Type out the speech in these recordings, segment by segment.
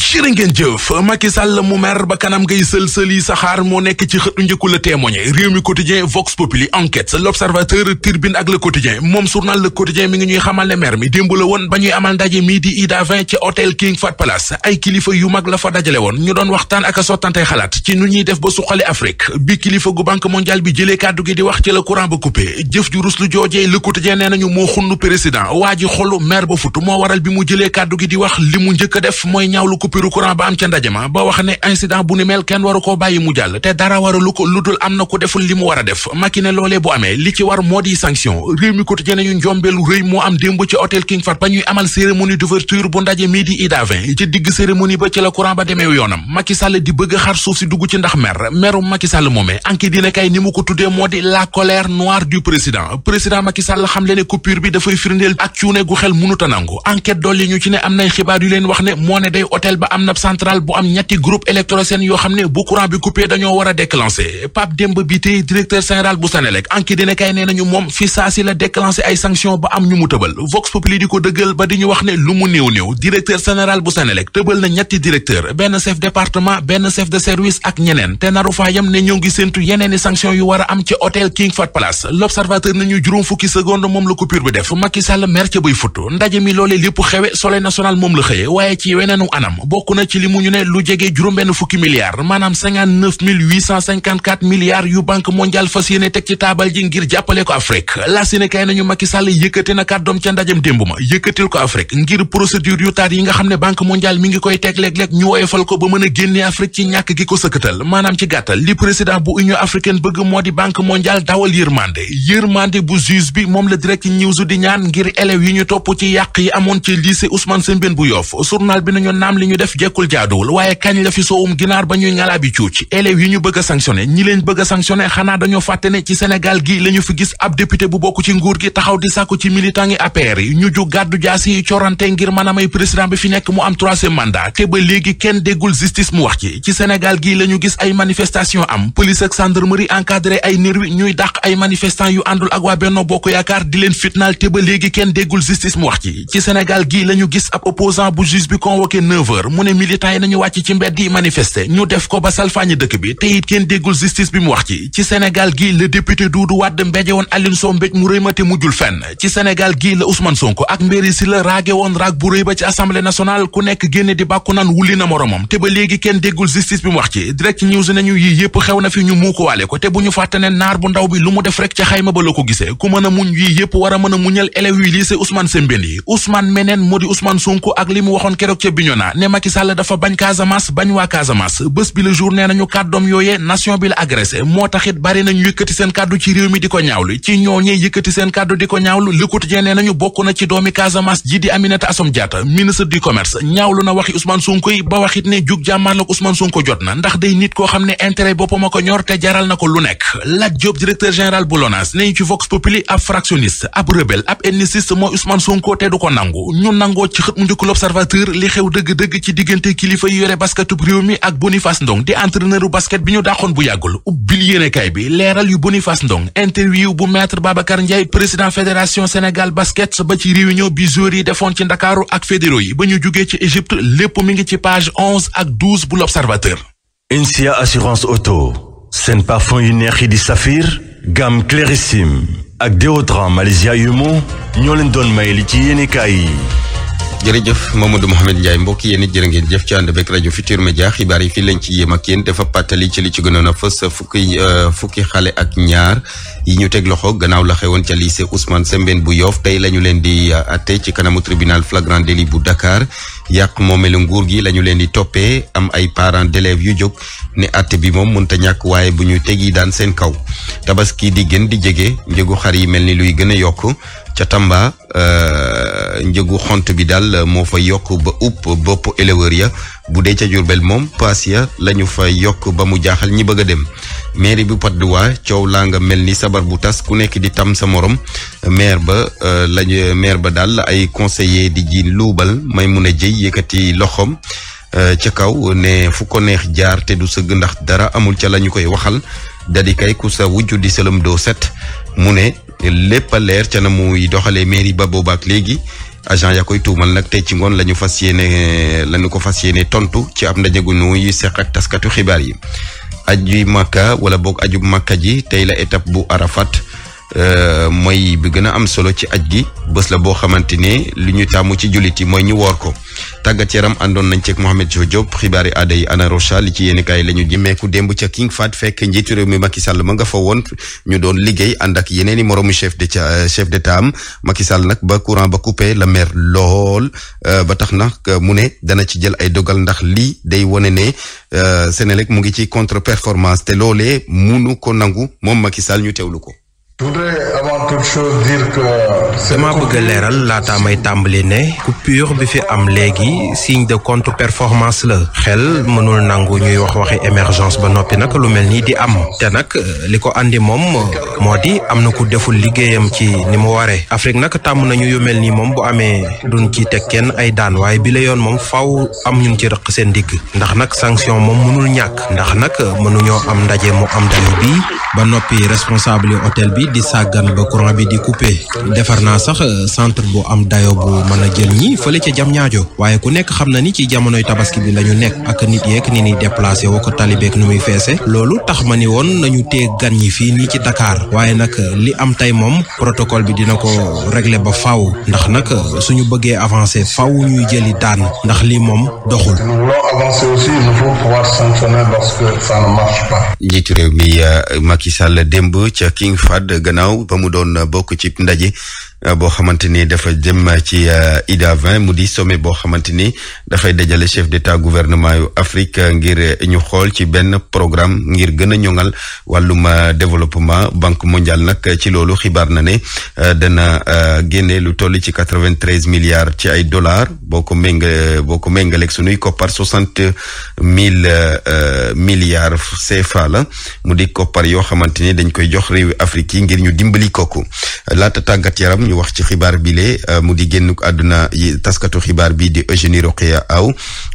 jërë ngeen jëf Macky Sall mu mer ba saxaar moo nekk ci xëtu njëkku la témoigné réew mi quotidien vox moom journal la woon ba ñuy amal ndaje mii di ida 20 ci hôtel King Fahd Palace ay kilifa yu mag la fa dajale woon ñu doon waxtaan ak a sottante xalaat ci nu ñuy def ba suqali Afrique bi kilifa gu banque mondiale bi jëlee kàddu gi di wax ci la courant ba coupé jëf ju rus joojee le quotidien nee nañu moo xunnu président waa ji xolu mer ba fut moo waral bi mu jëlee kaddu gi di wax li mu njëkk def mooy ñaawlu coupure courant ba am ca ndaje ma ba wax ne incident bu ni mel kenn waru koo bàyyi mu jàll te dara waralu ko lu dul am na ku deful li mu war a def Macky ne bu amee li ci war moo di sanction réew mi ko tuddee moo di la colère noire du président président Macky xam le ne coupure bi dafay firndeel ak cuune gu xel mënuta nangu enquête dolli ñu ci ne am nay xibaar yu leen wax ne moo ne day hôtel ba am na centrale bu am ñetti groupe électrogène yoo xam ne bu courant bi coupé dañoo war a déclenché Pape bi Bitèye directeur général bu Senelec anki dina kay nee nañu moom fi saa si la déclenché ay sanction ba am ñu mu tëbal Vox Populi di ko dëggal ba di ñu wax ne lu mu néew néew directeur général bu Senelec tëbal na ñetti directeur benn chef département benn chef de service ak ñeneen te naru faa yam ne ñoo ngi séntu yeneeni sanction yu war am ci hôtel King Fahd Palace l'observateur nañu juróom fukki seconde moom la coupure bi def Macky Sall mer ca buy futt ndaje mi loolee lépp xewe soleil national moom la xëye waaye ci weneenu anam bokk na ci li mu ñu ne lu jege juróom-benn fukki milliards maanaam 59854 yu banque mondiale fas yéene teg ci taabal ji ngir jàppale ko Afrique la nañu Macky Sall kàddoom ca ndajam démb ma yëkkatil ko Afrique ngir procédure yu taat yi nga xam ne banque mondiale mi ngi koy teg léeg-léeg ñu woyofal ko ba mën a génne Afrique ci ñàkk gi ko sëkkatal maanaam ci gàttal li président bu Union africaine bëgg moo di banque mondiale dawal yërmande yërmande bu juge bi moom la direct news ñaan ngir élèves yi ñu topp ci yàq yi amoon ci lycée Ousmane Sembène bu Yoff journal def jekkul jaaduwul waaye kañ la fi soowum ginaar ba ñuy ngalaa bi cuuc élèves yi ñu bëgg a sanctionné ñi leen bëgg a xanaa dañoo fàtte ne ci Sénégal gi la ñu fi gis ab député bu bokk ci nguur gi taxaw di sàkku ci militant yi APR yi ñu jug gàddu jaas yi corante ngir mën a may président bi fi nekk mu am troisième mandat te ba léegi kenn déggul justice mu wax ci ci Sénégal gi la ñu gis ay manifestation am police ak gendarmerie encadré ay nervi ñuy dàq ay manifestant yu àndul ak waa Benno Bokk Yaakaar di leen fitnaal te ba léegi kenn déggul justice mu wax ci ci Sénégal gi la ñu gis ab opposant bu juge procureur mu ne militant yi nañu wàcc ci mbedd yi manifester ñu def ko ba salfaañi dëkk bi te kenn déggul justice bi mu wax ci ci Sénégal gii la député Doudou Wade mbeje woon Aline Sow mu rëy ma te mujjul fenn ci Sénégal gii la Ousmane Sonko ak Mbéri si la raage woon raag bu rëy ba ci assemblée nationale ku nekk génne di bàkku naan wulli na moromam te ba léegi kenn déggul justice bi mu wax ci direct news nañu yi yëpp xew na fi ñu muu ko te bu ñu fàtte Macky Sall dafa bañ Casamance bañ waa Casamance bés bi jour nee nañu kàddoom yooyee nation bi la moo taxit bari nañu yëkkati seen kàddu di ko ñaawlu ci ñooñee yëkkati seen na Casamance ji di Aminata Assome ministre du commerce ñaawlu na waxi Ousmane Sonko ba waxit ne jug jàmmaarlak Ousmane Sonko jot na ndax day nit koo xam ne intérêt boppam a ko ñor te jaral na ko lu nekk Lat Diop directeur général bu LONASE ñu ci Vox Populi ab fractionniste ab ci diggante kilifa yi yore basketub réew mi ak Boniface Ndong di entraîneur basket bi ñu dàqoon bu yàggul ubbil yéenekaay bi leeral yu Boniface Ndong interview bu maître Babacar Ndiaye président fédération Sénégal basket ba ci réunion bi joueurs yi defoon ci Ndakaaru ak fédéraux yi ba ñu jugee ci Égypte lépp mi ngi ci page 11 ak 12 bu l'Observateur. Insia assurance oto seen parfum yu neex yi di Saphir gamme Clarissime ak déodorant Malaysia Humo ñoo leen doon may li ci yéenekaay yi. jërëjëf Mamadou Mouhamed Ndiaye mbokk yéen it jërë ngeen jëf ci ànd bek rajo Futur Media xibaar yi fii lañ ci yéem ak yéen dafa pàttali ci li ci gënoon a fës euh, fukki xale ak ñaar yi ñu teg loxo gannaaw la xewoon ca lycée Ousmane sembeen bu yoof tey lañu leen di euh, atte ci kanamu tribunal flagrant délit bu Dakar yàq moomeelu nguur gi la ñu leen di toppee am ay parents d'élèves yu jóg ne atte bi moom mënta ñàkk waaye bu ñu tegi daan seen kaw tabaski di gën di jege njëgu xar yi mel ni luy gën a yokk ca Tamba euh, njëgu xont bi daal moo fa yokk ba upp bopp éleveur ya bu dee ca Jurbel moom paas ya la ñu fa yokk ba mu jaaxal ñi bëgg a dem maire bu Patte d'Oie coow laa nga mel ni sabar bu tas ku nekk di tam sa morom maire ba euh, lañu maire ba daal ay conseiller di ji luubal may mun a jëy yëkkati loxoom euh, ca kaw ne fu ko neex jaar te du sëgg ndax dara amul ca la ñu koy waxal dadi kay ku sa wujju di sëlëm doo set mu ne lépp leer ca na muy doxalee mairie ba boobaak léegi agent ya koy tuumal nag tey ci ngoon lañu ñu fas yéene la ñu ko fas yéene tontu ci ab ndaje gu nuy seq ak taskatu xibaar yi. aju makka wala boog aju makka ji tey la étape bu Arafat. Euh, mooy bi gën am solo ci aj gi bés la boo xamante ne li ñu tàmm ci jullit yi mooy ñu woor ko tàggat yaram àndoon nañ ceeg Mohamed Diop xibaari aada yi Ana Rocha li ci yéen kaay la ñu jëmeeku démb ca King Fahd fekk njiitu réew mi Macky ma nga fa woon ñu doon liggéey ànd ak yeneen i moroomu chef de euh, chef d'état am Sall nag ba courant ba coupé la mer lool euh, ba tax na mu ne dana ci jël ay dogal ndax lii day wane ne Sénélec mu ngi ci contre performance te loole munu ko nangu moom Macky Sall ñu teewlu ko. dama bëgg a leeral laataa may tàmbali ne coupure bi fi am léegi signe de contre performance la xel mënul nangu ñuy wax waxi émergence ba noppi nag lu mel nii di am te nag li ko indi moom moo di am na ku deful liggéeyam ci ni mu waree Afrique nag tàmm nañu yu mel nii moom bu amee duñ ci teg kenn ay daan waaye bi la yoon moom faw am ñun ci rëq seen digg ndax nag sanction moom mënul ñàkk ndax nag mënuñoo am ndaje mu am dali bi ba noppi responsable di sàggan ba courant bi di coupé defar naa sax euh, centre bu am dayo bu mën a jël ñi fële ca jam waaye ku nekk xam na ni ci jamonoy tabaski bi lañu nekk ak nit yeeg ni ñuy déplacé woo ko talibeek nu muy feese loolu tax ma ni woon nañu tee gan ñi fii nii ci Dakar waaye nag euh, li am tey moom protocole bi dina ko régler ba faw ndax nag euh, suñu bëggee avancer faaw ñuy jëli daan ndax li moom doxul. njiitu réew mi Macky Sall démb ca King Fahd gannaaw ba mu doon bokk ci ndaje boo xamante ni dafa jëm ci euh, IDA vingt mu di sommet boo xamante ni dafay dajale chef d'état gouvernement yu Afrique euh, ngir ñu xool ci benn programme ngir gën a ñoŋal wàllum euh, développement banque mondial nag ci loolu xibaar na ne dana génne lu toll ci quatre vingt ci ay dollars boo ko méngale boo ko méngaleeg sunuy koppar soixante mille milliards CFA la mu di koppar yoo xamante ni dañ koy jox réew Afrique yi ngir ñu dimbali kooku laata tàggat yaram. ñu wax ci xibaar bile euh, mu di génnuk àdduna taskatu xibaar bi di Eugénie Roqeya Aw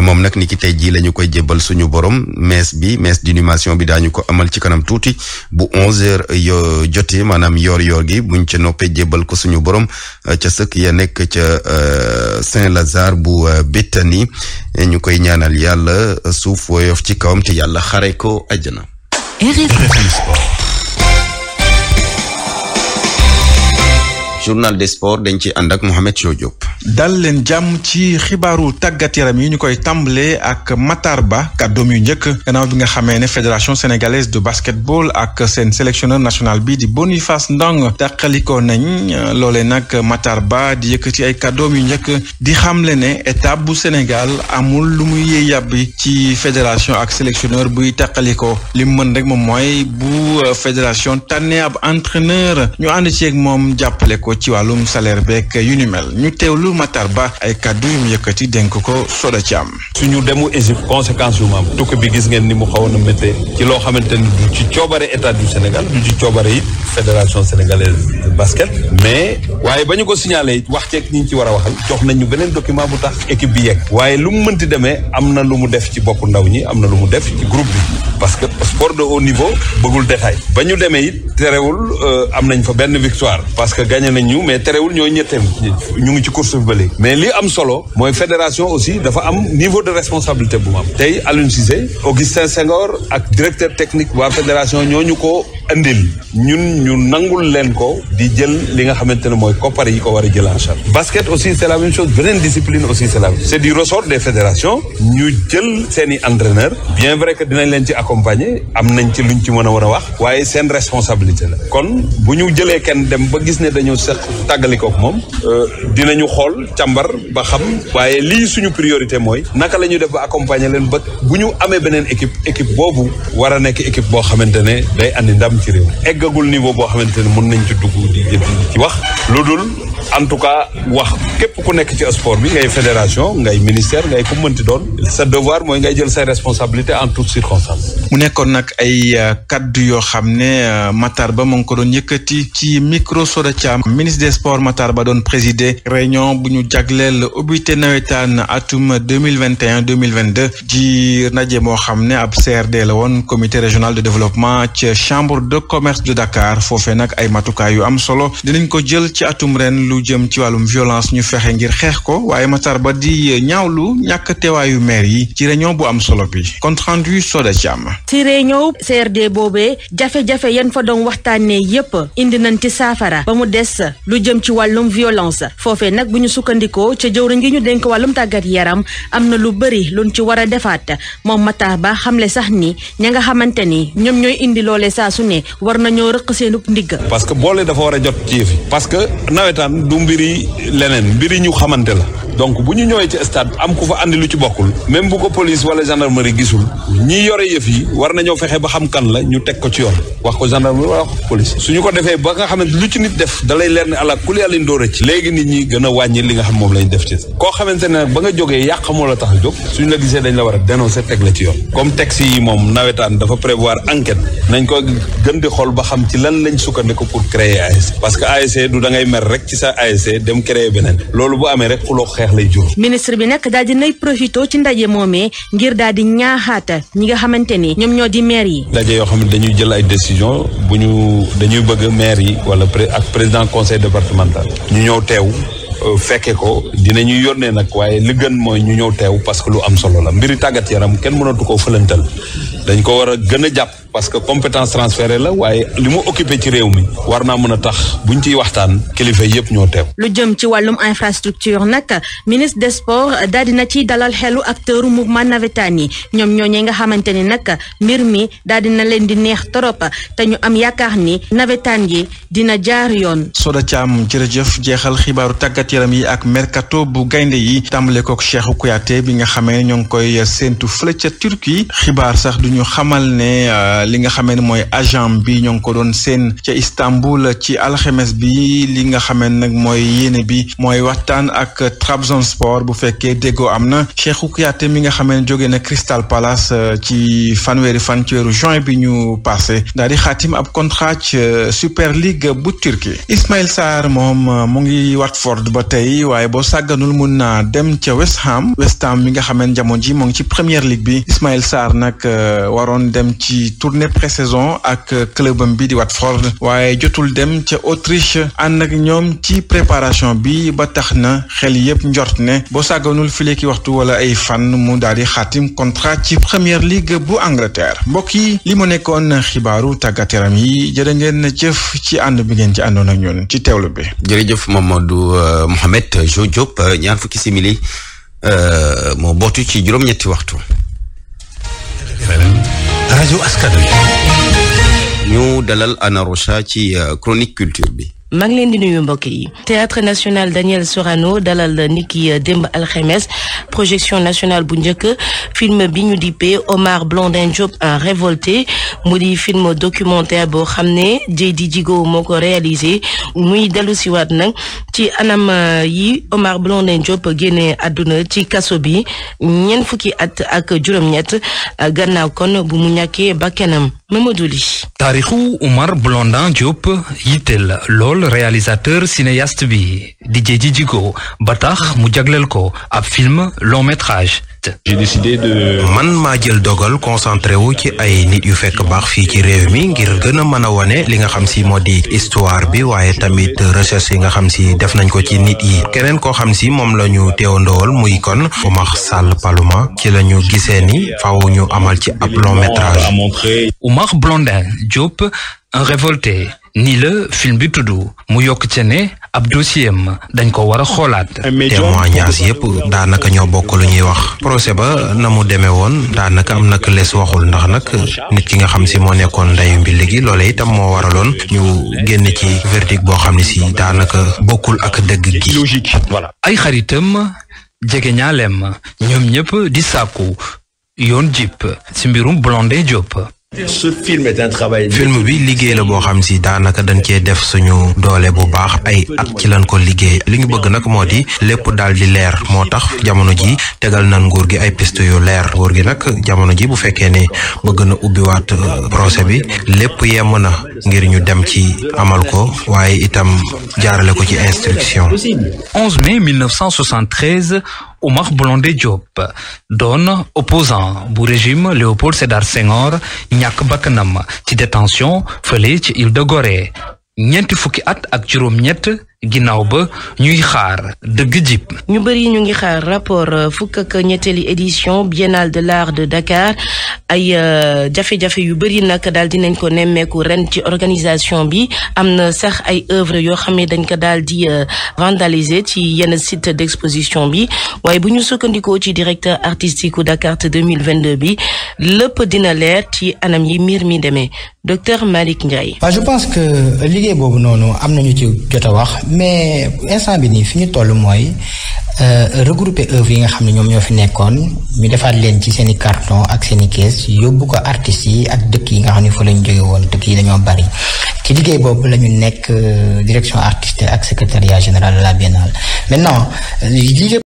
moom nag ni ki tey jii lañu koy jébbal suñu borom messe bi di d'inhumation bi daa ñu ko amal ci kanam tuuti bu onze heures yo jotee maanaam yoor yoor gi buñ ca noppee jébbal ko suñu borom euh, ca sëkk ya nekk ca euh, Saint-Lazare bu Béthanie ñu koy ñaanal yàlla suuf woyof ci kawam te yàlla xare ko àjjana journal des sports dañ ci ànd ak Mohamed Cio Diop. dal leen jàmm ci xibaaru tàggat yaram yi ñu koy tàmbalee ak Matar Ba kàddoom yu njëkk gannaaw bi nga xamee ne fédération sénégalaise de basketball ak seen sélectionneur national bi di Boniface Ndong tàqalikoo nañ loolee nag Matar Ba di yëkkati ay kàddoom yu njëkk di xamle ne état bu Sénégal amul lu muy yee yàbbi ci fédération ak sélectionneur buy tàqalikoo li mën rek moom mooy bu fédération tànnee ab entraîneur ñu ànd ceeg moom jàppale ci wàllum salaire beeg yu ni mel ñu teewlu Matar Ba ay kàddu yu mu yëkkati dénk ko Soda Thiam. suñu demu Égypte conséquence yu maam tukki bi gis ngeen ni mu xawoon na méttee ci loo xamante ni du ci coobare état du Sénégal du ci coobare it fédération sénégalaise de basket mais waaye ba ñu ko signalé it wax ceeg ñi ñu ci war a waxal jox nañu beneen document bu tax équipe bi yegg waaye lu mu mënti demee am na lu mu def ci bokk ndaw ñi am na lu mu def ci groupe bi parce que de haut niveau bëggul détail ba ñu demee it terewul euh, am nañ fa benn ñu mais terewul ñooy ñetteel ñu ngi ci course bi ba mais li am solo mooy fédération aussi dafa am niveau de responsabilité bu mu am tey Aliou Cissé Augustin Senghor ak directeur technique waa fédération ñooñu ko andil ñun ñu nangul leen ko di jël li nga xamante ne mooy koppar yi ko war a jël en charge basket aussi c' est la même chose beneen discipline aussi c' est la même c' est du jël seeni i entraîneur bien vrai que dinañ leen ci accompagner am nañ ci ñu ci mën a war a wax waaye seen responsabilité la kon bu ñu jëlee kenn dem ba gis ne dañu seq tàggalikook moom euh, dinañu xool càmbar ba xam waaye lii suñu priorité mooy naka la ñu def ba accompagner leen ba bu ñu amee beneen équipe équipe boobu nekk équipe boo xamante ne day am ci réew eggagul niveau boo xamante ne mën nañ ci dugg di wax lu dul en tout cas wax képp ku nekk ci sport bi ngay fédération ngay ministère ngay ku mënti doon sa devoir mooy ngay jël say responsabilité en toutes circonstances. mu nekkoon nag ay euh, kaddu yoo xam ne euh, Matar Ba mu ko doon yëkkati ci micro Soda Thiam ministre des sports Matar Ba doon présider réunion bu ñu jagleel ubbite nawetaan atum deux mille vingt et deux mille vingt deux ji ndaje moo xam ne ab CRD la woon comité régional de développement ci chambre de commerce de Dakar foofee nak ay matukaay yu am solo lu jëm ci wàllum violence ñu fexe ngir xeex ko waaye Matar Ba di ñaawlu ñàkk teewaayu maire yi ci réunion bu am solo bi compte rendu Soda Thiam. ci réunion CRD boobee jafe-jafe yan fa doon waxtaanee yépp indi nañ ci saafara ba mu des lu jëm ci wàllum violence foofe nag bu ñu sukkandikoo ca jëw gi ñu dénk wàllum tàggat yaram am na lu bëri luñ ci war a defaat moom Matar Ba xamle sax ni ña nga xamante ni ñoom ñooy indi loole saa su ne war nañoo rëq seenub parce que boole du mbiri leneen mbiri ñu xamante la donc bu ñu ñëwee ci stade am ku fa andi lu ci bokkul même bu ko police wala gendarmerie gisul ñi yore yëf yi war nañoo fexe ba xam kan la ñu teg ko ci yoon wax ko gendarmerie wala wax ko ko defee ba nga xam ne lu ci nit def da lay leer ne àla kuli àlin doo rëcc léegi nit ñi gën a wàññi li nga xam moom lañ def ci koo xamante ne nag ba nga jógee yàq moo la tax jóg suñu la gisee dañ la war a dénoncer teg la ci yoon comme texte yi moom nawetaan dafa prévoir enquête nañ ko gën di xool ba xam ci lan lañ sukkandiku pour créer da ASC dem créer beneen loolu bu amee rek loo xeex lay jur. ministre bi nag daal di nay profité ci ndaje moomee ngir daal di ñaaxaata ñi nga xamante ni ñoom ñoo di maire yi. ndaje yoo xam ne dañuy jël ay décision bu ñu dañuy bëgg maire yi wala ak président conseil départemental ñu ñëw teew. Euh, fekke ko dinañu yónnee nag waaye li gën mooy ñu ñëw teew parce que lu am solo la mbiri tàggat yaram kenn mënatu koo fëlantal dañ ko war a gën a jàpp parce que compétence transférée la waaye li mu occupé ci réew mi war naa mën a tax buñ ciy waxtaan kilifa yëpp ñoo teew. lu jëm ci wàllum infrastructure nag ministre des sports daal dina ciy dalal xelu acteur mouvement navétane yi ñoom ñooñee nga xamante ni nag mbir mi daal dina leen di neex trop te ñu am yaakaar ni navétane yi dina jaar yoon. am Thiam jërëjëf jeexal xibaaru tàggat yaram yi ak mercato bu gaynde yi tàmbale kook Cheikhou Kouyaté bi nga xamee ñoo ngi koy séentu fële ca Turquie xibaar sax ñu xamal ne euh, li nga xamee ne mooy agent bi ñoo ngi ko doon seen ca Istanbul ci alxemes bi li nga xamee nag mooy yéene bi mooy waxtaan ak Trabzonspor bu fekkee déggoo am na Cheikhou Kouyaté mi nga xamee ne jóge na Crystal Palace euh, ci fanweeri fan ci weeru juin bi ñu passé daal di xaatim ab contrat ci euh, Super League bu Turquie Ismail Sarr moom mu ngi wat ford ba tey waaye boo sagganul mun naa dem ca West Ham West Ham mi nga xamee ne jamono ji mu ngi ci première ligue bi waroon dem ci tournée pré-saison ak clubam bi di Watford waaye jotul dem ca Autriche ànd ak ñoom ci préparation bi ba tax na xel yépp njort ne boo sàgganul fileeki waxtu wala ay fan mu daal di xaatim contrat ci première ligue bu Angleterre mbokk yi li mu nekkoon xibaaru tàggat yi jërë ngeen jëf ci ànd bi ngeen ci àndoon ak ñun ci teewlu bi. jërëjëf Mamadou euh, Mohamed Jo Diop euh, ñaar fukki simili euh, moo bootu ci juróom-ñetti waxtu. rajo askan wi ñu dalal Anna Rocha ci euh, chronique culture bi maa leen di nuyu mbokk yi théâtre national danielle Sorano dalal niki euh, démb alxemes projection nationale bu njëkk film bi ñu dippee Omar Blondin Diop un révolté mu di film documentaire boo xam ne di jigo moo ko réaliser muy dellu siwaat nag ci anam euh, yi Omar Blondin Diop génne adduna ci kaso bi ñeent fukki at ak juróom-ñett gannaaw kon bu mu ñàkkee kenam Mamadou Ly taarixu Omar Blondin Diop yitteel lool réalisateur cinéaste bi di jéji jigo ba tax mu jagleel ko ab film long métrage liste. j'ai man maa jël dogal concentré wu ci ay nit yu fekk baax fii ci réew mi ngir gën a mën a wane li nga xam si moo di histoire bi waaye tamit recherche yi nga xam si def nañ ko ci nit yi keneen koo xam si moom la ñu ndowal muy kon Oumar Sall Paloma ci la ñu gisee ni faaw ñu amal ci ab long métrage. Oumar Blondin Diop un révolté ni la film bi tudd mu yokk ci ne. ab dossier am dañ ko war a moo témoignage yëpp daanaka ñoo bokk lu ñuy wax. procès ba na mu demee woon daanaka am nak lees waxul ndax nag nit ki nga xam si moo nekkoon ndeyu bi léegi loolee itam moo waraloon ñu génn ci verdict boo xam ne si daanaka bokkul ak dëgg gi. voilà. ay xaritam jege ñaaleem ñoom ñëpp di sàkku yoon jip si mbirum Blondin Diop. ce film bi liggéey la boo xam si daanaka dañ cee def suñu doole bu baax ay at ci lan ko liggéey li ñu bëgg nag moo di lépp daal di leer moo tax jamono ji tegal nan nguur gi ay piste yu leer nguur gi nag jamono ji bu fekkee ne bëgg na ubbiwaat euh, procès bi lépp yem na ngir ñu dem ci amal ko waaye itam jaarale ko ci instruction. Omar Blondé Diop doon opposant bu régime Léopold Sédar Senghor ñàkk bakkanam ci détention fële ci île de Gorée ñeenti fukki at ak juróom-ñett ginnaaw ba ñuy xaar dëgg jib ñu bëri ñu ngi xaar rapport euh, fukk ak ñetteeli édition biennale de l'art de Dakar ay euh, jafe-jafe yu bëri nag daal nañ ko nemmeeku ren ci organisation bi am na sax ay œuvre yoo xam ne dañ ko daal di euh, vandaliser ci yenn site d'exposition bi waaye bu ñu sukkandikoo ci directeur artistique u Dakar 2022 bi lépp dina leer ci anam yi mbir mi demee docteur Malick Ndiaye. waaw je pense que liggéey boobu noonu am nañu ci jot a wax. mais instant bi nii fi ñu toll mooy euh, regroupe œuvre yi nga xam ne ñoom ñoo fi nekkoon ñu defaat leen ci seen i carton ak seen i kees yóbbu ko artistes yi ak dëkk yi nga xam ne foo lañ jóge woon dëkk yi dañoo bari ci liggéey boobu la ñu nekk euh, direction artiste ak secrétariat général de la biennale maintenant euh,